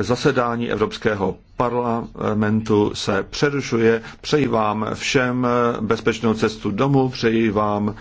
zasedání Evropského parlamentu se přerušuje. Přeji vám všem bezpečnou cestu domů, přeji vám